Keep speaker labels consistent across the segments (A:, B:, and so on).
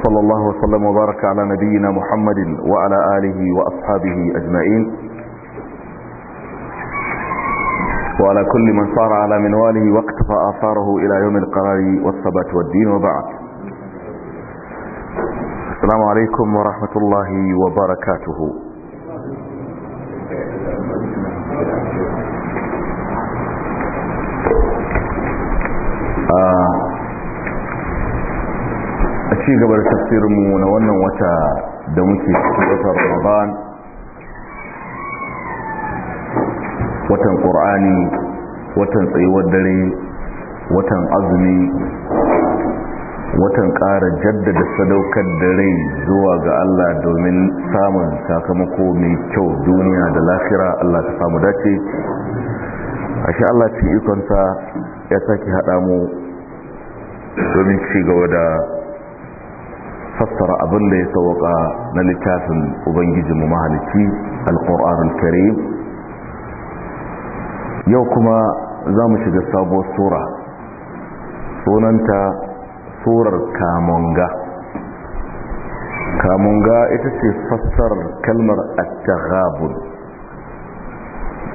A: وصلى الله وسلم وبارك على نبينا محمد وعلى آله وأصحابه أجمعين وعلى كل من صار على منواله واقتفى آثاره إلى يوم القرار والثبات والدين وبعد السلام عليكم ورحمة الله وبركاته آه ci gaba da tafsirinmu na wannan wata da muke cikin wata ramadan watan ƙur'ani watan tsayuwar dare watan azumi watan ƙara jaddada sadaukar da zuwa ga Allah domin samun sakamako mai kyau duniya da lafira Allah ta samu dace ashe Allah ci ikonsa ya sake haɗa mu domin ci gaba da fassara abin da ya sauka na littafin mu mahalicci alkur'anul karim yau kuma za mu shiga sabuwar sura sunanta surar kamunga, kamunga ita ce fassarar kalmar attaghabun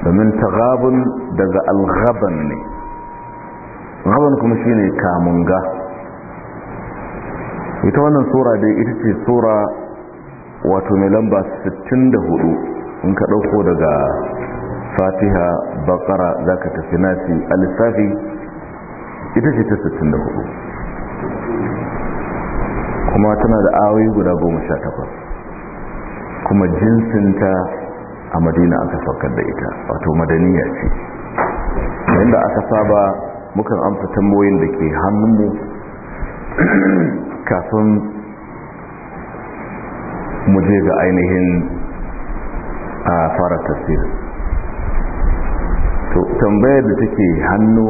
A: domin taghabun daga alghaban ne gaban kuma shine kamunga ita wannan sura dai ita ce sura wato mai lamba 64 in ka ɗauko daga fatiha bakara za ka tafi nasi a lissafi ita ce ta 64 kuma tana da awoyi guda 18 kuma jinsinta a madina aka saukar da ita wato madaniya ce inda aka saba mukan amsa tambayoyin da ke hannunmu kafin mu je ga ainihin a fara tafiya to tambayar da take hannu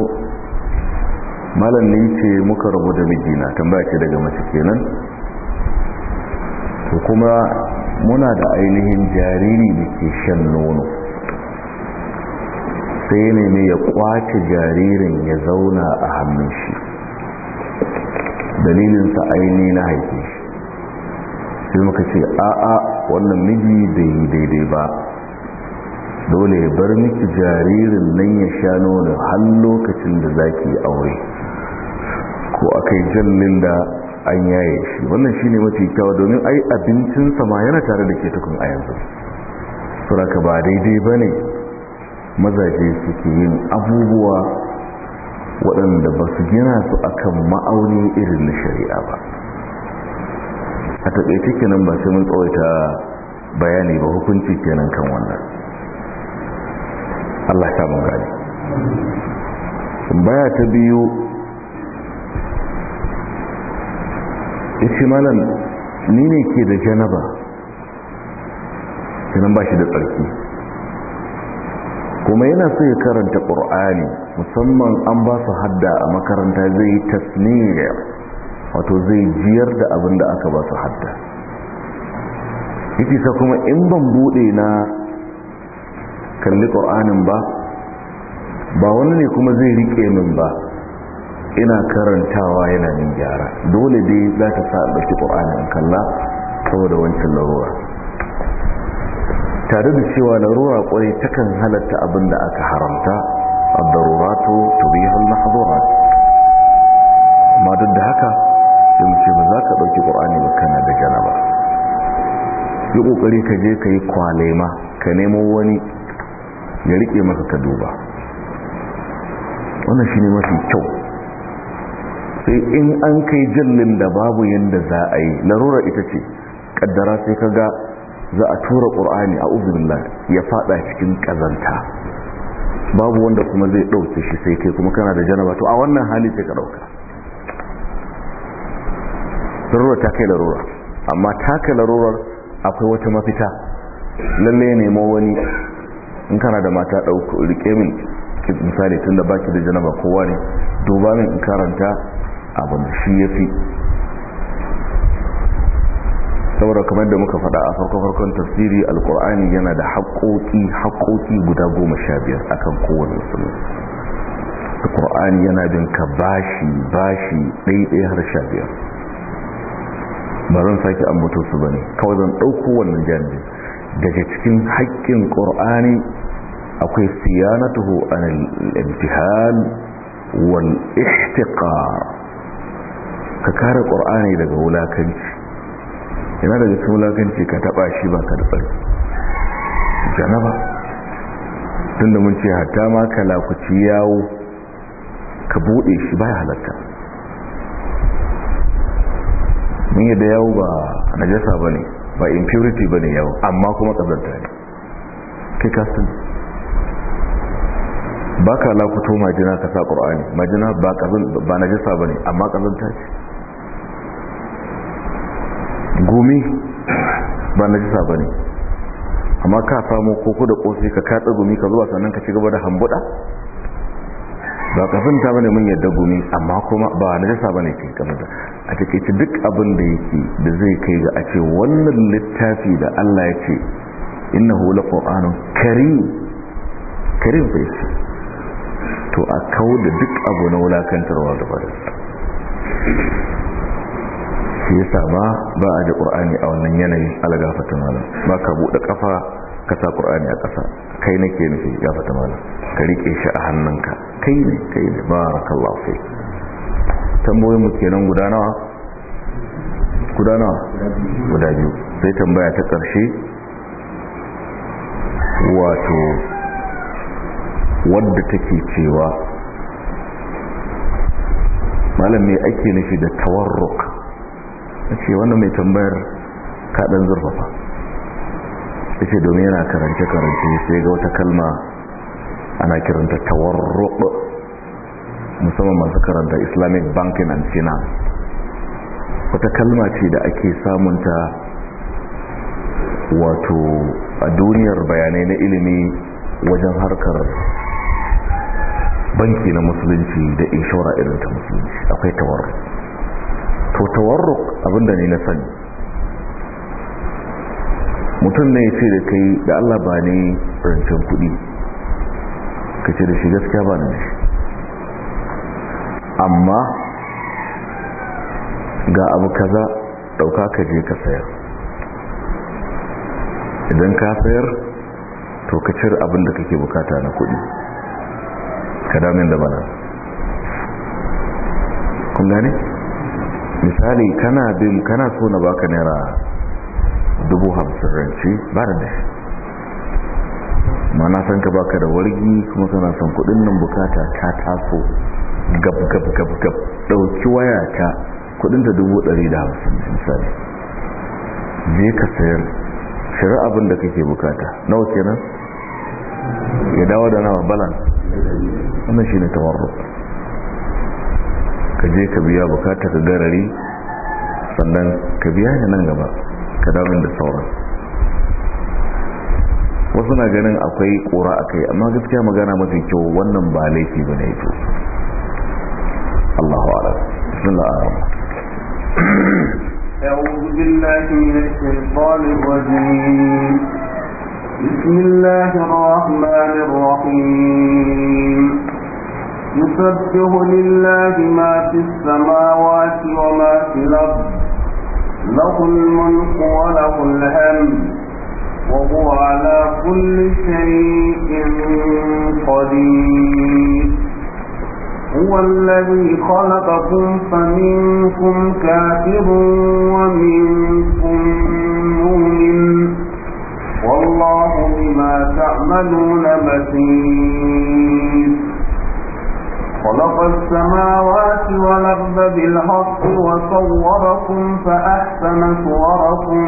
A: malam ce muka rabu da mijina tambaya ce daga mace kenan to kuma muna da ainihin jariri da ke shan nono sai ne ya kwace jaririn ya zauna a hannun shi dalilin sa aini na haife shi sai muka ce a'a wannan miji bai daidai ba dole ya bar miki jaririn nan ya sha nono har lokacin da zaki aure ko a kai jan da an yaye shi wannan shine mafi kyawa domin ai abincin sama ma yana tare da ke tukun a yanzu suraka ba daidai ba ne mazaje suke yin abubuwa waɗanda ba su gina su akan ma'auni irin na shari'a ba a taƙaice kenan ba sai mun tsawaita bayani ba hukunci kenan kan wannan Allah ta mun gani baya ta biyu ishi malam ni ne ke da janaba kenan ba shi da tsarki kuma yana so ya karanta ƙur'ani musamman an ba su hadda a makaranta zai yi tasniya wato zai jiyar da abin da aka ba su hadda yake sa kuma in ban buɗe na kalli ƙur'anin ba ba wani ne kuma zai riƙe min ba ina karantawa yana min gyara dole dai za ta sa ɗauki ƙur'anin kalla saboda wancan larura tare da cewa larura kwarai takan halatta abin da aka haramta a daruratu na mahzurat amma duk da haka sai mu ce ba za ka ɗauki ƙur'ani ba kana da ba. yi ƙoƙari ka je ka yi kwalema ka nemo wani ya riƙe maka ka duba wannan shi ne mafi kyau sai in an kai jallin da babu yadda za a yi larura ita ce ƙaddara sai ka ga za a tura ƙur'ani a uzubillah ya faɗa cikin ƙazanta babu wanda kuma zai ɗauke shi sai kai kuma kana da janaba to a wannan hali sai ka ɗauka larura ta kai larura amma ta kai larurar akwai wata mafita lallai nemo wani in kana da mata ɗauka rike min misali tun da baki da janaba kowa ne duba min in karanta abin shi ya fi saboda kamar da muka faɗa a farko-farkon tafsiri alkur'ani yana da haƙoƙi haƙoƙi guda goma sha biyar kan kowane musulmi alkur'ani yana bin ka bashi bashi ɗaiɗaya har sha biyar ba zan sake ambato su ba ne kawai zan ɗauko wannan jami'in daga cikin haƙƙin ƙur'ani akwai siyanatuhu an al wal ihtiqar ka kare ƙur'ani daga wulakanci yana daga wulaganci ka taba shi ba ka da tsarki janaba tun da mun ce hatta ma ka lakuci yawo ka bude shi ba ya halatta mun yi da yawo ba najasa ba ne ba impurity ba ne yawo amma kuma ƙazanta ne kai kasan ba ka lakuto majina ka sa ƙorani majina ba najasa ba ne amma ƙazanta ce gumi ba na jisa ba ne amma ka samu koko da kofi ka katsa gumi ka zuwa sannan ka ci gaba da hambuɗa ba kafin ta bane mun yadda gumi amma kuma ba na jisa ba ne ke kamata a ci duk abin da yake da zai kai ga a ce wannan littafi da allah ya ce inna hula ƙwa'anun karim karim bai to a kawo da duk abu na wulakantarwa da ba shi yasa ba ba a da qur'ani a wannan yanayin algafata malam ba ka bude kafa ka sa qur'ani a kasa kai nake nufi gafata malam ka rike shi a hannunka kai ne kai ne barakallahu fi tambayoyin mu kenan guda nawa guda nawa guda biyu sai tambaya ta karshe wato wadda take cewa malam me ake nufi da tawarruk a ce wannan mai tambayar kaɗan zurfafa ya ce domin yana karance-karance sai ga wata kalma ana kiranta tawarruɓa musamman masu karanta islamic banking and finance wata kalma ce da ake samunta wato a duniyar bayanai na ilimi wajen harkar banki na musulunci da inshora irin ta musulunci akwai tawarruɓa to tawarruk abinda ne na sani mutum ne ce da kai da Allah ba ne rancen kudi ka ce da shi gaskiya ba ne shi amma ga abu kaza dauka ka je ka sayar idan ka sayar to ka cire abin da kake bukata na kudi ka damin da bana kun gane? misali kana bin kana so na baka naira dubu hamsin rance ba da mana san ka baka da wargi kuma kana son kudin nan bukata ta taso gab gab gab gab dauki waya ta kudin dubu dari da hamsin misali je ka sayar shirar abin da kake bukata nawa kenan ya dawo da nawa balan wannan ne tawarruka ka je ka biya bukata ka garari sannan ka biya ni nan gaba ka damin da sauran wasu na ganin akwai kura a kai amma gaskiya magana mafi kyau wannan ba laifi ba ne ito Allahu ala bismillah
B: أعوذ بالله بسم الله الرحمن الرحيم يسبح لله ما في السماوات وما في الأرض له الملك وله الهم وهو على كل شيء قدير هو الذي خلقكم فمنكم كافر ومنكم مؤمن والله بما تعملون بصير خلق السماوات والأرض بالحق وصوركم فأحسن صوركم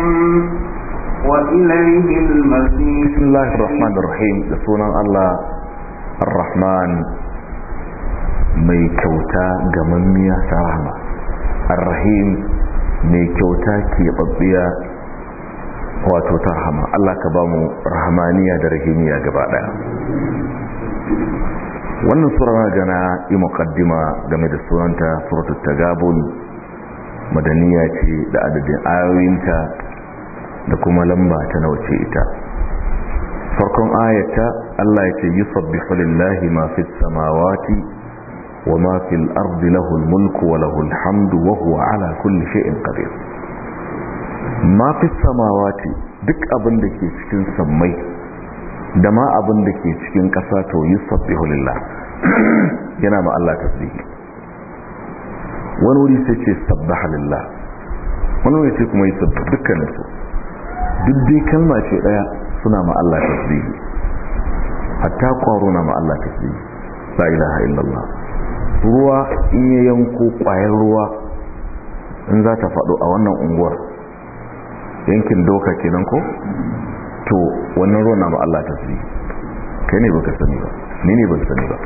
B: وإليه
A: المسيح بسم الله الرحمن الرحيم لسونا الله الرحمن mai kyauta ga mammiya ta rahama arrahim mai kyauta ke babbiya wato tarhama rahama Allah ka ba mu rahamaniya da rahimiya gaba daya wannan sura na gana yi mukaddima game da sunanta suratul tagabun madaniya ce da adadin ayoyinta da kuma lamba ta nauce ita farkon ayata Allah ya ce yusabbihu lillahi ma fis samawati wa mafi fil ardi lahul mulku wa lahul hamdu wa huwa ala kulli shay'in qadir ma fis samawati duk abin da ke cikin sammai da ma abin da ke cikin kasa to yi sabbi lillah yana ma Allah tasbihi wani wuri sai ce sabbi halillah wani wuri sai kuma yi sabbi dukkaninsu duk dai kalma ce daya suna ma Allah tasbihi hatta na ma Allah tasbihi la ilaha illallah ruwa in ya yanko kwayar ruwa in za ta faɗo a wannan unguwar yankin doka kenan ko to wannan ruwan na ma Allah tasbihi kai ne baka sani ba ni ne baka sani ba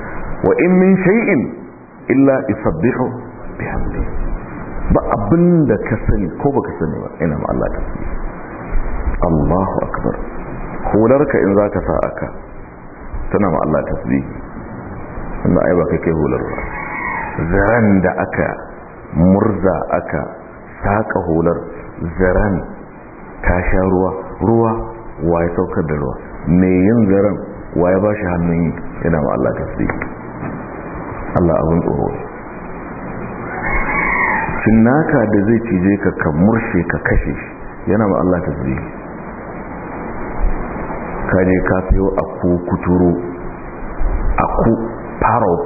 A: wa in min shay'in illa yusabbihu bihamdi ba abin da ka sani ko baka sani ba ina ma Allah tasbihi Allahu akbar ka in zaka sa aka tana ma Allah tasbihi wanda ai ba kake hular ba zaran da aka murza aka saka hular zaran ta sha ruwa ruwa wa saukar da ruwa mai yin zaren wa ba shi hannun yi yana ma Allah tasiri Allah abin tsoro cinnaka da zai cije ka ka murshe ka kashe yana ma Allah tasiri ka je ka fiyo a ku kuturo a ku parrot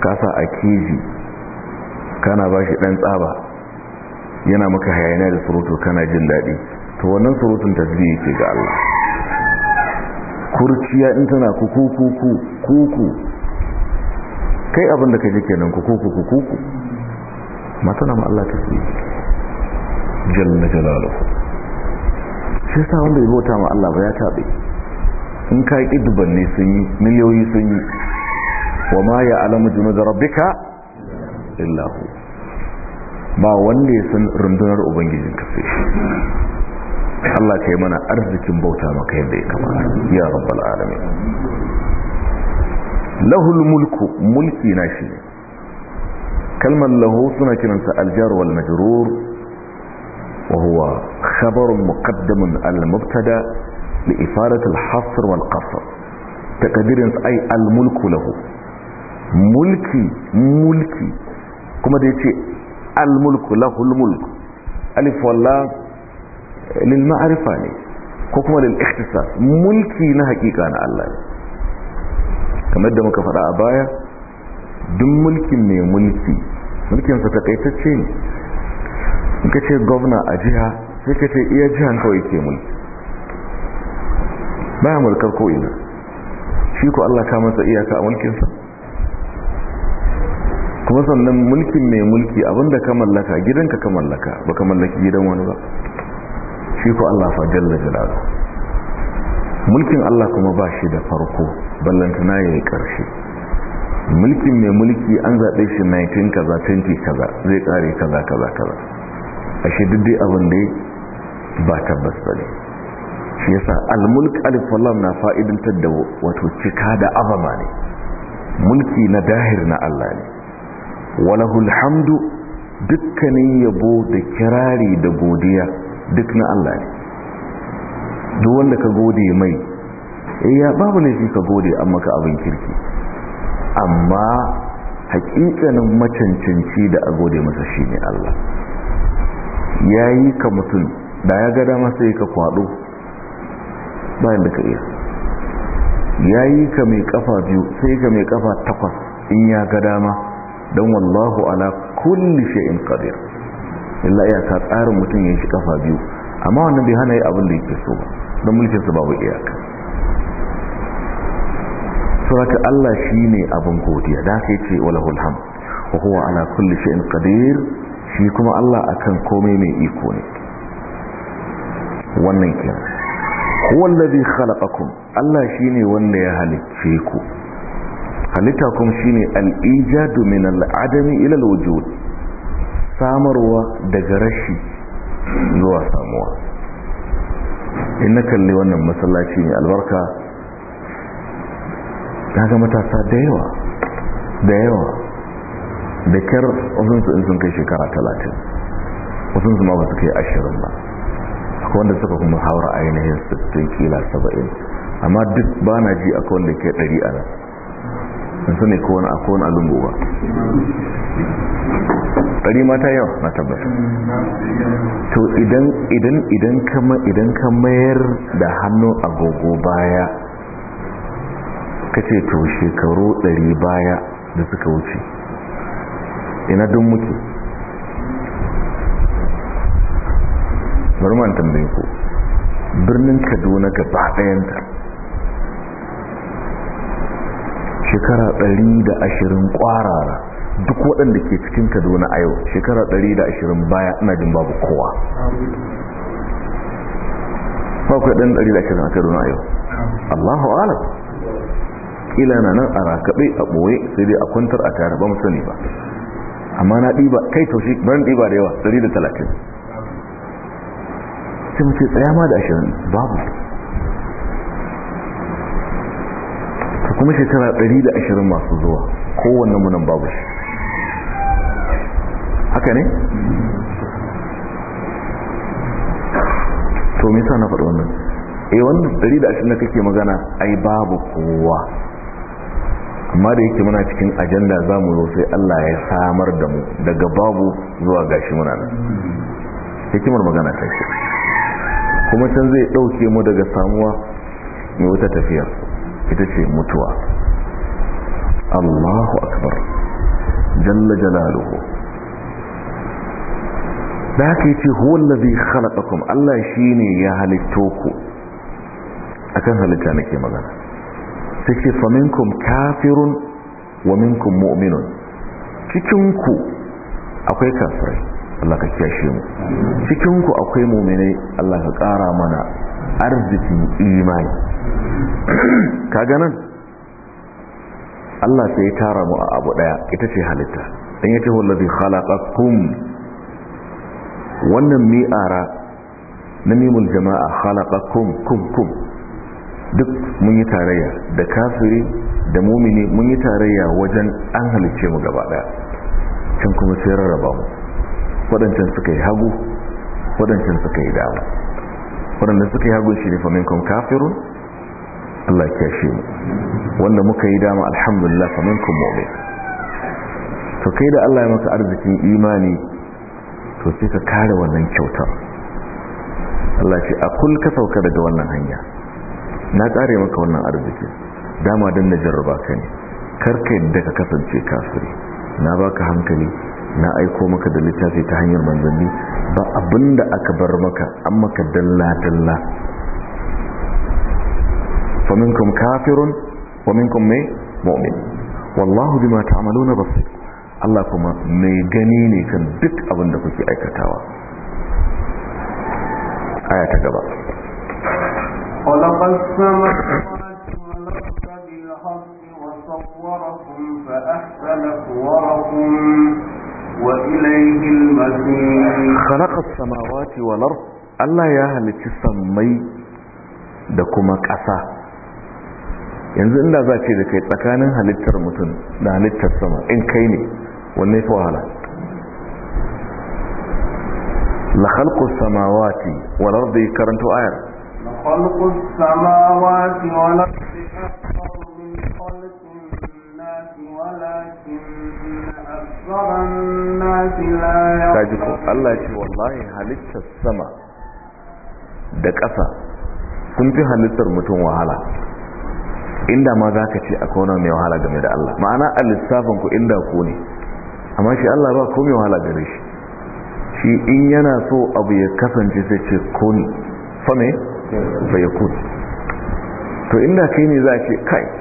A: kasa a keji kana ba shi ɗan tsaba yana maka hayaniya da surutu kana jin daɗi to wannan surutun tasbihi ce ga Allah kurciya in tana kuku kuku kuku kai abinda ka ji kenan kuku kuku kuku mata nama Allah tasbihi jalla jalaluhu sai sa wanda ya ta ma Allah ba ya tabe in ka yi dubanni sun yi miliyoyi sun yi wa ma ya alamu junu da rabbika illahu ba wanda ya san rundunar ubangijin kafe Allah ka yi mana arzikin bauta maka yadda ya kamata ya rabbal alamin lahul mulku mulki na shi kalmar lahu suna kiransa aljar wal majrur wa huwa khabarun muqaddamun al mubtada li ifadat al hasr wal qasr taqdirin ay al mulku lahu mulki mulki kuma da yace al mulku lahul mulku alif wal lam lil ne ko kuma lil mulki na hakika na Allah ne kamar da muka faɗa a baya duk mulkin mai mulki ta kaitacce ne ka ce gwamna a jiha sai ka ce iya jihan kawai ke mulki baya mulkar ina shi ko Allah ta masa iyaka a mulkinsa kuma sannan mulkin mai mulki abinda ka mallaka gidanka ka mallaka ba ka mallaki gidan wani ba shi ku Allah fa jalla jalalu mulkin Allah kuma ba shi da farko ballantana ya yi ƙarshe mulkin mai mulki an zaɓe shi 19 kaza 20 kaza zai ƙare kaza kaza kaza a shi abin da ba tabbas ba ne shi yasa almulk alif na fa'idantar da wato cika da abama ne mulki na dahir na Allah ne walahul hamdu dukkanin yabo da kirari da godiya duk na Allah ne duk wanda ka gode mai eh, ya babu ne shi ka gode an maka abin kirki amma hakikanin macancanci da a gode masa shi ne Allah ya yi ka mutum da ya gada masa yi ka kwado bayan da ka iya ya yi ka mai ƙafa biyu sai ka mai ƙafa takwas in ya gada ma don wallahu ala kulli shay'in qadir illa iyaka tsarin mutum ya shi kafa biyu amma wannan bai hana yi abin da yake so don mulkin sa babu iyaka suraka Allah shine abin godiya da sai ce wala ham wa huwa ala kulli shay'in qadir shi kuma Allah akan komai mai iko ne wannan kenan huwa alladhi khalaqakum Allah shine wanda ya halicce ku halitta kuma shine al-ijadu min al-adami ila al-wujud samarwa daga rashi zuwa samuwa in na kalli wannan masallaci ne albarka ta ga matasa da yawa da yawa da kyar wasansu sun kai shekara talatin wasansu ma ba su kai ashirin ba akwai wanda suka kuma haura ainihin 60 kila 70 amma duk ba na ji akwai wanda ke ɗari a in sani ko wani akwai wani alumbo ba ɗari mata yau na tabbata to idan idan idan kama idan ka mayar da hannu agogo baya kace to shekaru ɗari baya da suka wuce ina don muke bari man tambaye birnin kaduna gaba ta. shekara ɗari da ashirin ƙwarara duk waɗanda ke cikin kaduna a yau shekara ɗari da ashirin baya ina jin babu kowa bakwai ɗan ashirin a kaduna a yau allahu ala ƙila na nan a rakaɓe a ɓoye sai dai a kwantar a tare ba mu sani ba amma na ɗiba kai taushe barin ɗiba da yawa talatin sai mace tsaya ma da ashirin babu kuma shekara 120 masu zuwa kowanne munan babu shi haka ne to me sa na faɗi wannan eh wannan 120 da kake magana ai babu kowa amma da yake muna cikin ajanda za mu zo sai Allah ya samar da mu daga babu zuwa gashi muna nan hikimar magana ta shi kuma can zai ɗauke mu daga samuwa mai wata tafiya. ita ce mutuwa Allahu akbar jalla jalaluhu da haka yace huwal ladhi khalaqakum Allah shine ya halitto ku akan halitta ke magana sai ce faminkum kafirun wa minkum mu'minun cikinku akwai kafirai Allah ka shi mu cikinku akwai mu'minai Allah ka kara mana arziki imani kaga nan Allah sai ya tara mu a abu daya ita ce halitta dan yace wallazi khalaqakum wannan mi'ara na mimul jama'a khalaqakum kum kum duk mun yi tarayya da kafiri da mumini mun yi tarayya wajen an halice mu gaba daya can kuma sai rarraba mu wadancan suka yi hagu wadancan suka yi dama waɗanda suka yi hagun shi ne faminkon kafirun Allah ya kyashe mu wanda muka yi dama alhamdulillah faminkon mu'min to kai da Allah ya maka arzikin imani to sai ka kare wannan kyautar Allah ya ce a kul ka sauka daga wannan hanya na kare maka wannan arziki dama dan na jarraba ka ne karka yadda ka kasance kafiri na baka hankali na aiko maka da littafi ta hanyar manzanni ba abinda aka bar maka an maka dalla-dalla faminkum kafirun faminkum mai mu'min wallahu bima ta'maluna basir Allah kuma mai gani ne kan duk abinda kuke aikatawa aya ta gaba
B: خلق السماوات فأحسن صوركم وإليه المسيح خلق
A: السماوات والأرض الله يا هل تسمي da kuma ƙasa yanzu inda za ce da kai tsakanin halittar mutum da halittar sama in kai ne wanne fi wahala la samawati wal ardi
B: samawati kaji ko Allah
A: ce wallahi halittar sama da ƙasa sun fi halittar mutum wahala inda ma za ka ce a kona mai wahala game da Allah ma'ana a lissafin ku inda ku ne amma shi Allah ba ko mai wahala gare shi shi in yana so abu ya kasance sai ce ne? fa ya kun to inda kai ne za a ce kai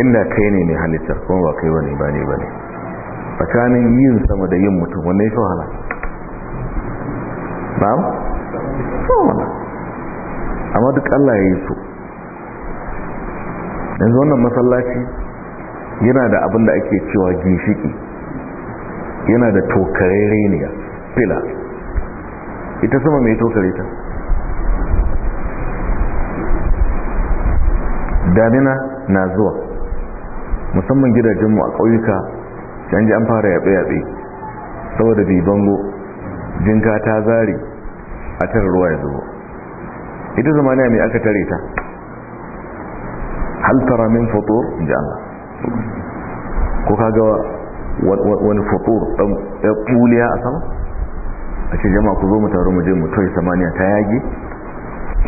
A: inda kai ne mai halittar kuma ba kai wani ba ne ba ne yin sama da yin mutum wannan yake wahala ba mu? wahala amma duk allah ya yi so yanzu wannan masallaci yana da abin da ake cewa ginshiki yana da tokare reniya fila ita sama mai tokare ta damina na zuwa musamman gidajenmu a ƙauyuka canji an fara yaɓe-yaɓe saboda bibango bango jinka ta zari a tara ruwa ya zubo ita zamaniya mai aka tare ta haltara min fotor ji Allah ko kaga wani fotor ɗan ƙuliya a sama a ce jama'a ku zo mu taru mu je mu toye samaniya ta yage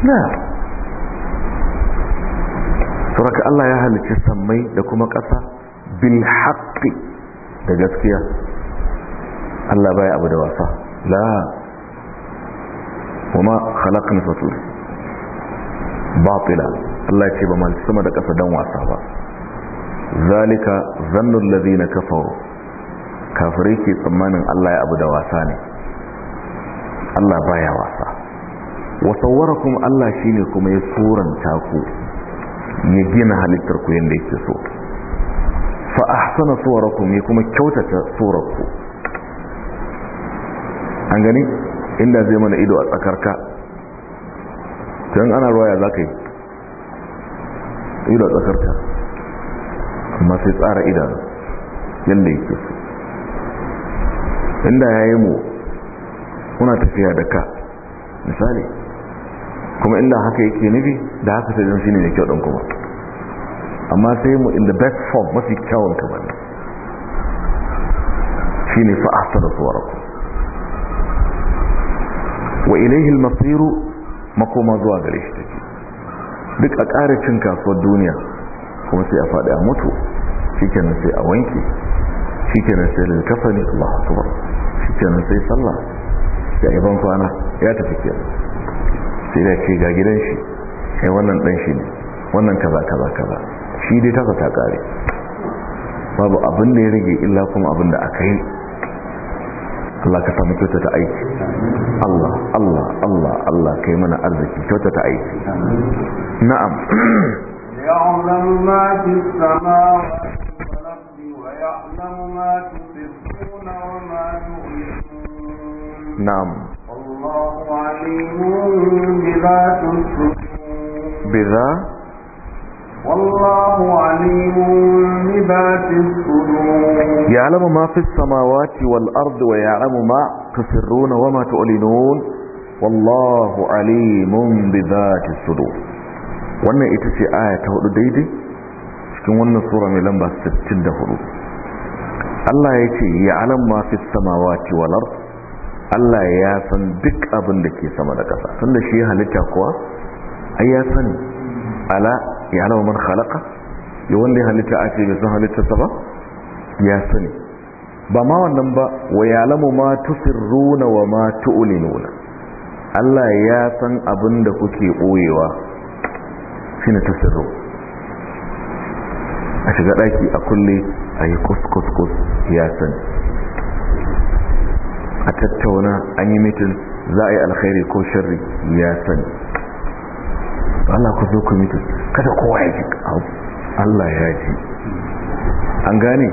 A: na sauraka Allah ya halicci sammai da kuma ƙasa bil haqqi da gaskiya Allah baya abu da wasa la kuma khalaqna fatul batila Allah ce ba mal sama da ƙasa don wasa ba zalika zannu na kafaro, kafirai ke tsammanin Allah ya abu da wasa ne Allah baya wasa wa sawwarakum Allah ne kuma ya suranta ku ya gina halittar ku yadda yake so fa ahsana suwarakum ya kuma kyautata suwarku an gani inda zai mana ido a tsakarka tun ana ya za ka yi ido a tsakarka amma sai tsara idanu yadda yake so inda ya yi mu muna tafiya da ka misali kuma inda haka yake nufi da haka sai zan shi ne da kyau ɗan kuma amma sai mu in the best form mafi kyawun kamar shi ne fa'asta da tsoron wa ilaihil masiru makoma zuwa gare shi take duk a ƙara cin kasuwar duniya kuma sai a faɗi a mutu kenan sai a wanke kenan sai lalkafa ne Allah shi kenan sai sallah ya ban kwana ya tafi kenan sai da ce ga gidan shi kai wannan dan shi ne wannan kaza kaza kaza shi dai tasa ta kare babu abin da ya rage illa kuma abin da aka yi Allah ka samu kyauta ta aiki Allah Allah Allah Allah ka yi mana arziki kyauta ta aiki na'am
B: ya'lamu ma fi samawati يعلم ما تصفون وما تعلنون نعم والله عليم بذات الصدور
A: بذات
B: والله عليم بذات
C: الصدور
A: يعلم ما في السماوات والأرض ويعلم ما تسرون وما تعلنون والله عليم بذات الصدور wannan ita ce aya ta hudu daidai cikin wannan sura mai lamba hudu. Allah ya ce ya alam Allah ya san duk abin da ke sama da ƙasa da shi halitta kuwa ai ya sani ala ya alama man khalaqa ya wanda ya halitta a ce bai san halittarsa ba ya sani ba ma wannan ba wa ya alama ma tusirruna wa ma tu'linuna Allah ya san abin da kuke boyewa shine tusirru a shiga daki a kulle a yi kuskus ya sani a tattauna an yi mitin za a yi alkhairi ko sharri ya sani Allah ku zo ku mutu
B: kada kowa ya ji
A: Allah ya ji an gane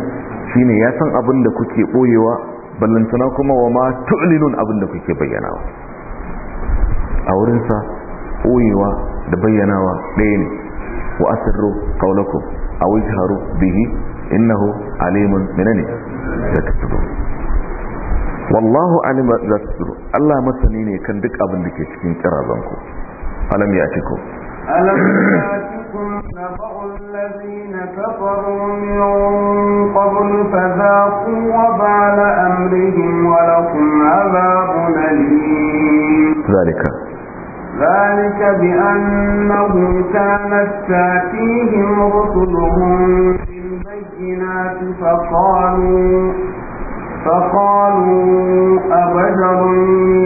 A: shine ya san abin da kuke boyewa ballantana kuma wa ma tu'linun abin da kuke bayyanawa a wurin sa boyewa da bayyanawa ɗaya ne wa asirru qawlakum aw ijharu bihi innahu alimun minani da tasdu wallahu alim da tasdu Allah masani ne kan duk abin da ke cikin kirazanku alam ku.
B: ألم يأتكم نبأ الذين كفروا من فذاقوا وبال أمرهم ولكم عذاب أليم ذلك ذلك بأنه كانت تأتيهم رسلهم بالبينات فقالوا فقالوا أبجر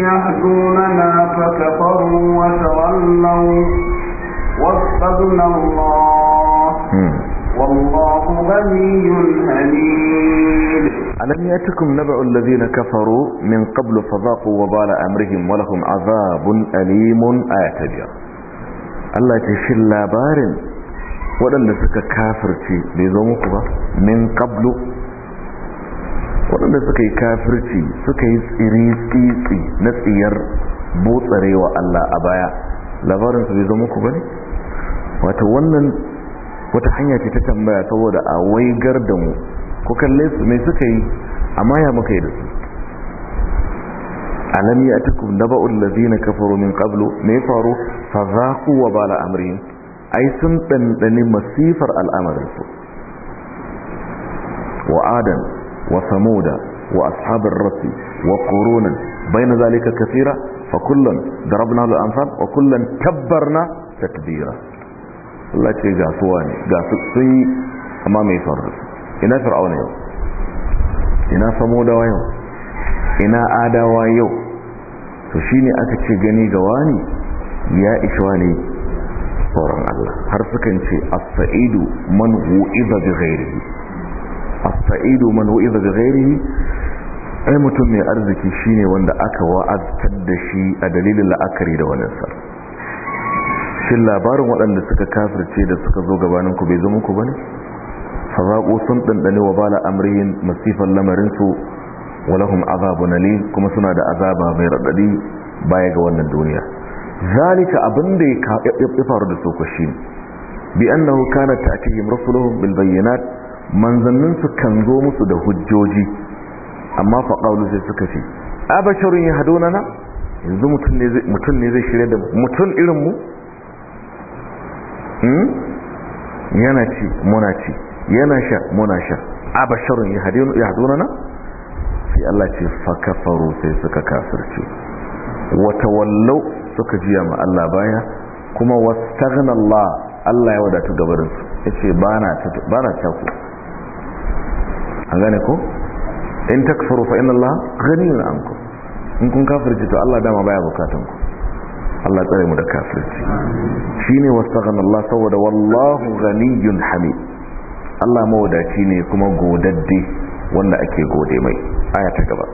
B: يهدوننا فكفروا وتولوا واستغنى الله والله غني
A: حميد ألم يأتكم نبأ الذين كفروا من قبل فذاقوا وبال أمرهم ولهم عذاب أليم آتجر آية التي في اللابار وأن ذلك كافر لذلك من قبل وأن ذلك كافر ذلك إريسي نسير بوطري وألا أبايا أبايا في لذلك Wata wannan wata hanya ce ta tambaya saboda a waigar da mu ko kalle su mai suka yi amma ya muka yi da su alam ya tukum naba'ul ladina kafaru min qablu faru fa zaqu wa bala amrin ai sun dandani masifar al'amarin su wa adam wa samuda wa ashabar rasi wa qurunan bayna zalika kathira fa kullan darabna al wa kullan tabbarna tatbira Allah ce ga suwa ne ga su sun yi amma mai faru ina fir'auna yau ina dawa yau ina adawa yau to shi ne aka ce gani ga wani ya ishi wani tsoron Allah har sukan ce Asa'idu saidu man wu'iza ga ghairihi Asa'idu saidu man wu'iza ga ghairihi ai mutum mai arziki shine wanda aka wa'aztar da shi a dalilin la'akari da wani waninsa shin labarin waɗanda suka kafirce da suka zo gabaninku bai zama ku ba ne fazaƙo sun ɗanɗane wa bala amrihin masifan lamarinsu walahum azabun nali kuma suna da azaba mai raɗaɗi baya ga wannan duniya zalika abin da ya faru da su kwashi bi annahu kana ta'tihim rasuluhum bil bayyinat manzannin su kan zo musu da hujjoji amma fa qawlu sai suka ce ya yahduna na yanzu mutum ne zai shirya da mutum irin mu Hmm? yana ci muna ci yana sha muna sha abasharun yahduna na sai Allah ce fa kafaru sai suka kafirce wata wallau suka jiya ma Allah baya kuma wastagna Allah Allah ya wadatu gabarin su yace bana ta bana ta ku an gane ko in takfuru fa inna Allah ghaniyun ankum in kun kafirce to Allah dama baya bukatanku ku Allah tsare mu da kafirci shine wasaghana Allah saboda wallahu ghaniyyun hamid Allah mawadaci ne kuma godadde wanda ake gode mai aya ta gaba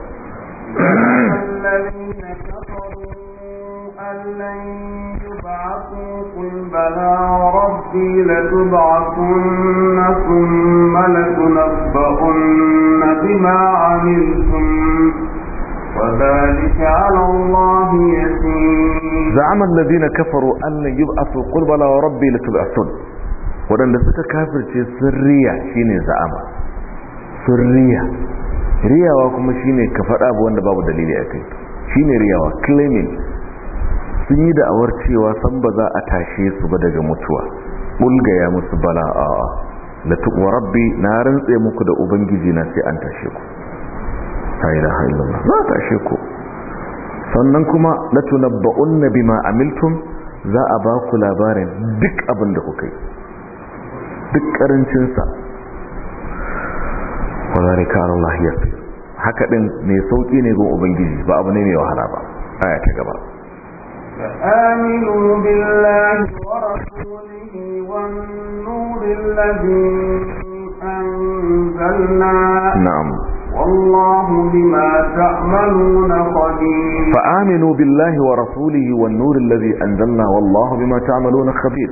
B: قل بلى ربي لتبعثن ثم لتنبؤن بما عملتم وذلك على الله يسير
A: زعم الذين كفروا أن يبعثوا قل بلى وربي لتبعثون waɗanda suka kafirce sun riya shine za'ama sun riya riyawa kuma shine ka faɗa abu wanda babu dalili a kai shine riyawa claiming sun yi da'awar cewa san ba za a tashe su ba daga mutuwa ya musu bala'a a la rabbi na rantse muku da ubangiji na sai an tashe ku la ilaha illallah za ta ashe ku sannan kuma la tunabba'unna bima amiltum za a ba ku labarin duk abin da kuka yi duk karancin sa ka Allah yasir haka din ne sauki ne ga ubangiji ba abu ne mai wahala ba aya ta gaba
B: آمنوا بالله ورسوله والنور الذي أنزلنا نعم والله بما تعملون خبير
A: فآمنوا بالله ورسوله والنور الذي أنزلنا والله بما تعملون خبير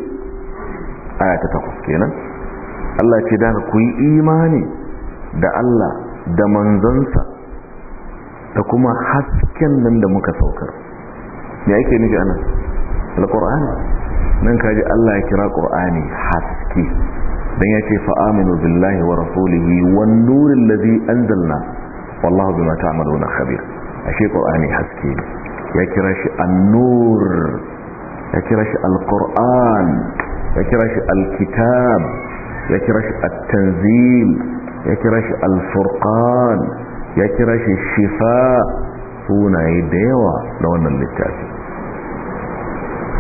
A: آية تقف كينا الله يتدان كوي إيماني da Allah da manzansa da kuma hasken nan da muka saukar ya yake nufi ana alƙur'ani nan kaji Allah ya kira ƙur'ani haske dan yace fa aminu billahi wa rasulihi wan nuril ladhi anzalna wallahu bima ta'maluna khabir ashe qur'ani haske ya kira shi an-nur ya kira shi al ya kira shi alkitab ya kira shi at ya kira shi al ya kira shi shifa sunaye da yawa na wannan littafi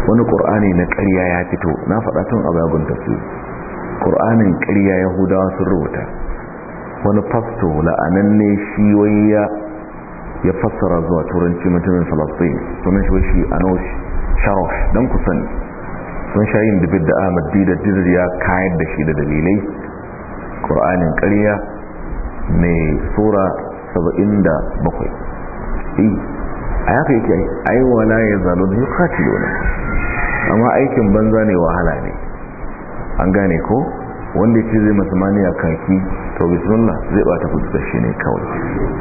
A: wani qur'ani na ƙarya ya fito na faɗa tun a babun tafsir ƙur'anin ƙirya yahudawa sun rubuta wani fasto la'ananne shi wayya ya fassara zuwa turanci mutumin falastin sunan shi a anosh sharosh don ku sani sun sha yin dubid da ahmad da didir ya kayar da shi da dalilai ƙur'anin ƙarya mai sura 77 eh, a kai yake aiwala ya zalo da ya kaci amma aikin banza ne wahala ne an gane ko wanda ya ce zai masamaniya kaki to bismillah zai bata fuskar shi ne kawai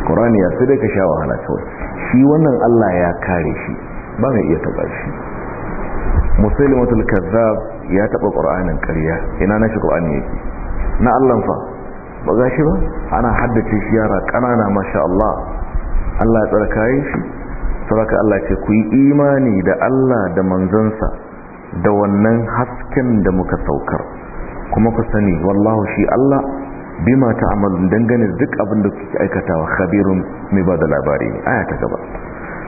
A: ƙorani ya sai dai sha wahala kawai shi wannan allah ya kare shi ba mai iya taɓa shi musulmatul kazzab ya taɓa ƙorani karya ina na shi ƙorani yake na allah fa ba za shi ba ana haddace shi yara ƙanana masha allah allah ya tsarkaye shi sauraka allah ce ku yi imani da allah da manzansa da wannan hasken da muka saukar kuma ku sani wallahu shi Allah bima ta'malun dangane duk abin da kuke aikatawa khabirun mai ba da labari ne aya ta gaba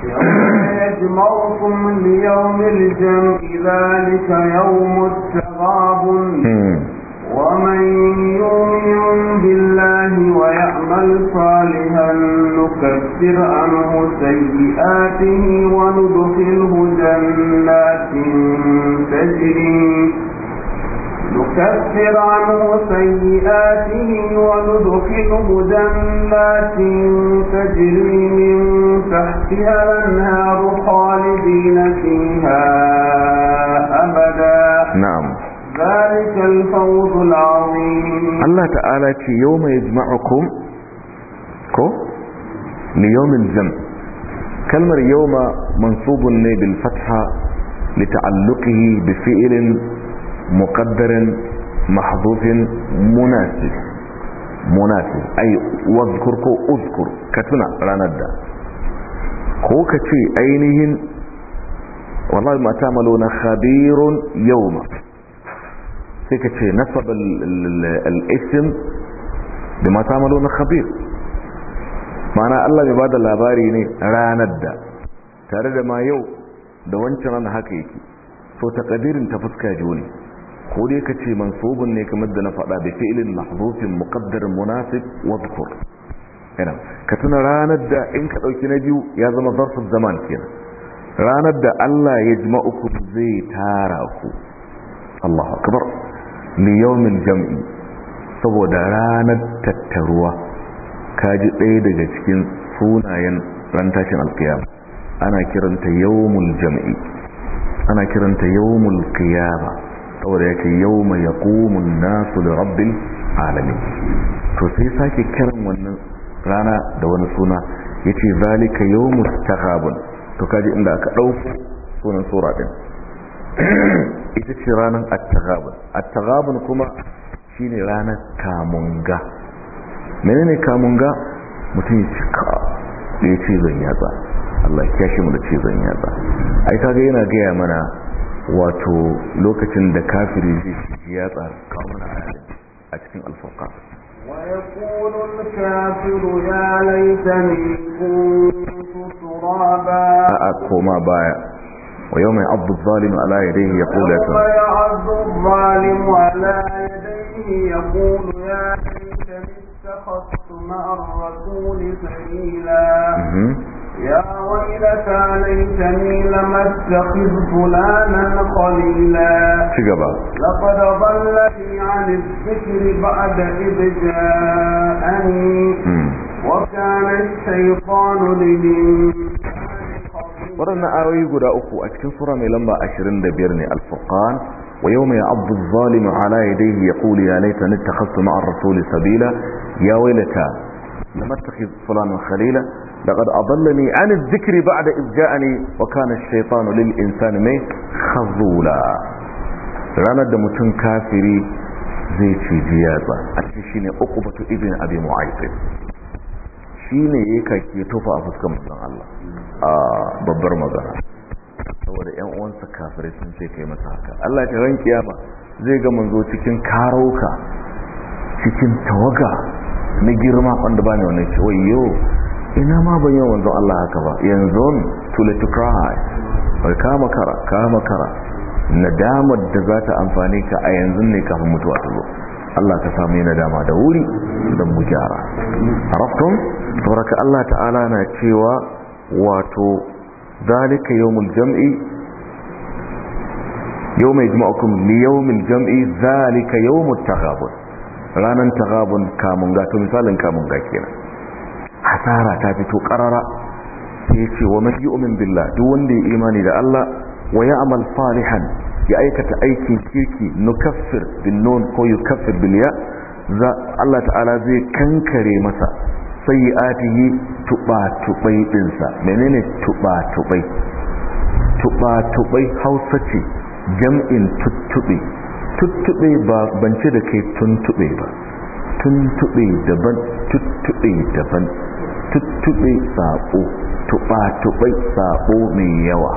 B: يجمعكم ليوم الجمع hmm. ومن يؤمن بالله ويعمل صالحا نكفر عنه سيئاته وندخله جنات تجري نكفر عنه سيئاته وندخله جنات تجري من تحتها الانهار خالدين فيها ابدا نعم ذلك الفوز العظيم الله
A: تعالى في يوم يجمعكم كو ليوم الجمع كلمة يوم منصوب بالفتحة لتعلقه بفعل مقدر محظوظ مناسب مناسب أي واذكر كو اذكر كتنا راندا كو كتي أينه والله ما تعملون خبير يوم سيكتي نصب الاسم بما تعملون خبير معنى الله يبادل لاباري راندا تارد ما يوم da wancan ranar haka yake so takadirin ta fuska biyu ne ko dai ka ce mansubun ne kamar da na faɗa da filin mahzufin muqaddar munasib wadhkur ina ka tuna ranar da in ka dauki na biyu ya zama zarfin zaman kenan ranar da Allah ya jima'uku zai tara ku Allahu akbar li yawmin jam'i saboda ranar tattaruwa ka ji ɗaya daga cikin sunayen rantashin tashin alkiyama ana kiranta yawmul jam'i ana kiranta yawmul qiyama saboda yake yawma yaqumu an-nasu li rabbil alamin to sai sake kiran wannan rana da wani suna yace zalika yawmut taghabun to kaji inda aka dauko sunan sura din ita ce ranar at-taghabun kuma shine ranar kamunga menene kamunga mutum ya cika da ya ce zan yatsa Allah ya kashe mu da cizon yatsa ai kaga yana gaya mana wato lokacin da kafiri zai ci yatsa kamar a cikin alfaqa
C: ويقول
B: الكافر يا ليتني كنت ترابا أقوم
A: بايا ويوم يعض الظالم على يديه يقول يا ويوم يعض الظالم على يديه يقول
B: يا ليتني اتخذت مع الرسول سبيلا يا ويلتى ليتني لم اتخذ فلانا قليلا لقد ضلني عن الذكر بعد اذ جاءني وكان
A: الشيطان للإنسان waɗannan ayoyi guda uku a cikin sura mai lamba 25 ne alfurqan wa yawma ya'dhu adh-dhalimu ala yadayhi yaqulu ya laitani ittakhadhtu ma'a ar-rasuli sabila ya waylata lam attakhidh fulanan khalila a لقد أضلني عن الذكر بعد إذ جاءني وكان الشيطان للإنسان من خذولا ranar da mutum kafiri zai ce jiyarwa a cikin shine uqubatu ibn abi mu'ayyid shine yake ke tufa a fuskar mutum Allah a babbar magana saboda ƴan uwansa kafirai sun ce kai masa haka Allah ya ran kiyama zai gama zo cikin karauka, cikin tawaga na girma wanda bane wannan ce wayyo ina ma ban yi wanzan Allah haka ba yanzu too late to cry bai kama kara kama kara nadamar da za ta amfani ka a yanzu ne kafin mutuwa ta zo Allah ka samu yi nadama da wuri don mu gyara arabtun sauraka Allah ta'ala na cewa wato zalika yawmul jam'i yawma yajma'ukum yau yawmil jam'i zalika yawmut taghabun ranan taghabun kamun ga to misalin kamun ga kenan hasara ta fito karara sai ya ce wa man billah duk wanda ya imani da Allah wa amal falihan ya aikata aikin kirki na bin nun ko yukaffir bil ya za Allah ta'ala zai kankare masa sai sayyi'atihi tuba tubai ɗinsa menene tuba tubai tuba tubai Hausa ce jam'in tuttube tuttube ba bance da kai tuntube ba tuntube daban tuttube daban tuttuɓe sako tuɓa-tuɓai saɓo mai yawa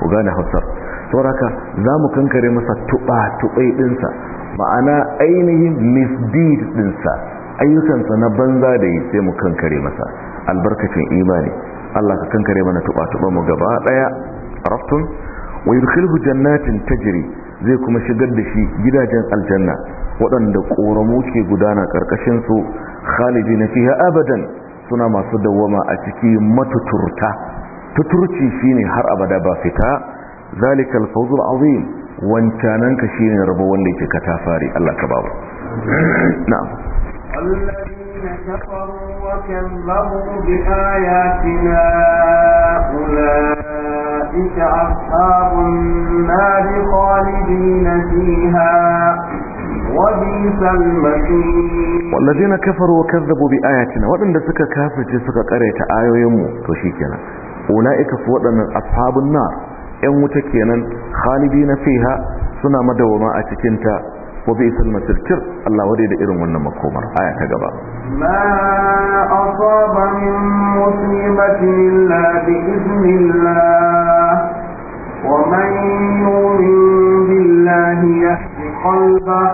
A: ku gane hausar sauraka za mu kankare masa tuɓa-tuɓai ɗinsa ma'ana ainihin misdeed ɗinsa ayyukansa na banza da yi sai mu kankare masa albarkacin imani Allah ka kankare mana tuɓa-tuɓa mu gaba ɗaya raftun wa yudkhilhu jannatin tajri zai kuma shigar da shi gidajen aljanna waɗanda ƙoramu ke gudana ƙarƙashin su khalidi na fiha abadan suna masu dawwama a ciki matuturta tuturci shine har abada ba fita zalikal fawzul azim wancanan ka shine rabo wanda yake katafari Allah ka bawo na'am
C: alladhina
B: kafaru wa bi ayatina ulaika ashabun nar khalidina fiha
A: wallazina kafaru wa kazzabu bi ayatina waɗanda suka kafirce suka karaita ayoyinmu to shikenan ulaika fu waɗannan ashabun nar yan wuta kenan khalidina fiha suna madawama a cikin ta wa bi isal masirkir Allah wadai da irin wannan makomar aya ta gaba
B: ma asaba min musibatin illa bi iznillah wa man yu'min billahi قلبه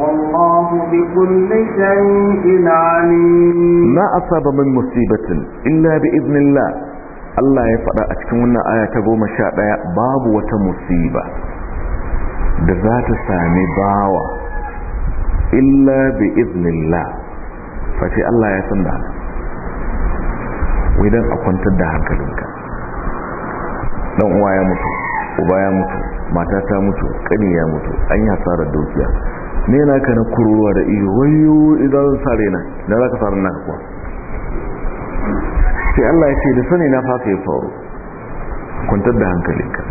B: والله بكل شيء
A: عليم ما أصاب من مصيبة إلا بإذن الله Allah ya faɗa a cikin wannan aya ta goma sha ɗaya babu wata musiba da za ta sami bawa illa bi iznillah face Allah ya san da haka idan a kwantar da hankalinka dan ya mutu uba ya mutu mata ta mutu kani ya mutu an yi hasarar dukiya ne na ka na kururuwa da iyo wayo idan sare na da za ka sare na kuwa sai Allah ya ce da sani na fasa ya faru kwantar da hankalinka